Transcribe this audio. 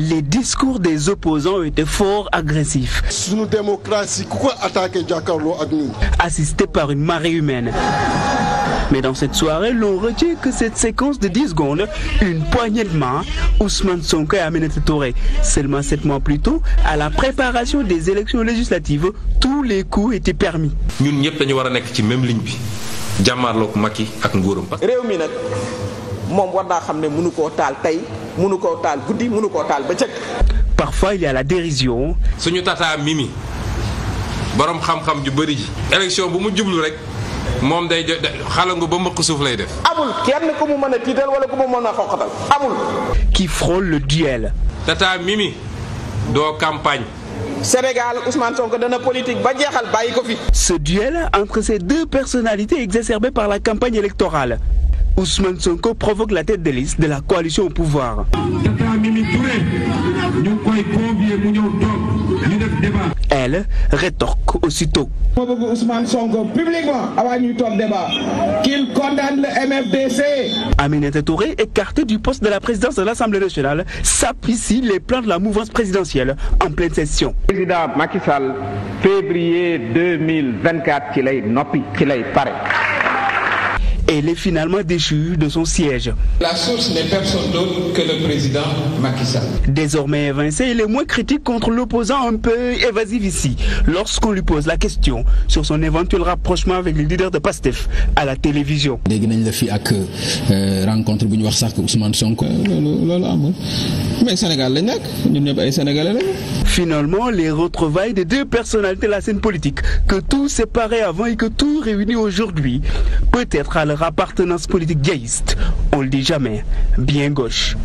les discours des opposants étaient fort agressifs. Sunu démocratie ku ko attaqué jàkkaarloo ak ñun. Assisté par une marée humaine. Mais dans cette soirée, l'on retient que cette séquence de 10 secondes, une poignée de main, Ousmane Sonko et Aminata Touré. Seulement sept mois plus tôt, à la préparation des élections législatives, tous les coups étaient permis. ñun ñëpp dañu war a nekk ci même ligne bi jàmmaarloo ko Macky ak nguuram. réew mi nag. moom war naa xam ne mënu koo taal tey mënu koo taal guddi mënu koo taal bëccëg. parfois il y a la dérision. suñu tataa mimi borom xam-xam ju bëri ji. élection bu mu jublu rek moom day xalangu ba mbëq suuf lay def. amul kenn ku mu mën a tiital wala ku mu mën a xoqatal amul. qui frôle le duel. tataa mimi doo campagne. Sénégal Ousmane Sonko dana politique ba jeexal bàyyi ko fi. ce duel entre ces deux personnalités exacerbé par la campagne électorale. Ousmane Sonko provoque la tête de liste de la coalition au pouvoir. Elle rétorque aussitôt. boobu Sonko publiquement toog débat qu'il condamne le MFDC. Aminata Touré écartée du poste de la présidence de l'Assemblée nationale sape ici les plans de la mouvance présidentielle en pleine session. Président Macky Sall février 2024 ci lay Elle est finalement déchue de son siège. La source n'est personne d'autre que le président Macky Désormais évincé, il est moins critique contre l'opposant un peu évasif ici lorsqu'on lui pose la question sur son éventuel rapprochement avec le leader de PASTEF à la télévision. dégg nañ le fi ak euh, rencontre bu ñu wax sax Ousmane Sonko. mais Sénégal lañ nekk ñun ñëpp ay sénégalais Finalement, les retrouvailles des deux personnalités de la scène politique, que tout séparait avant et que tout réunit aujourd'hui, peut-être à leur appartenance politique gaïste, on le dit jamais, bien gauche.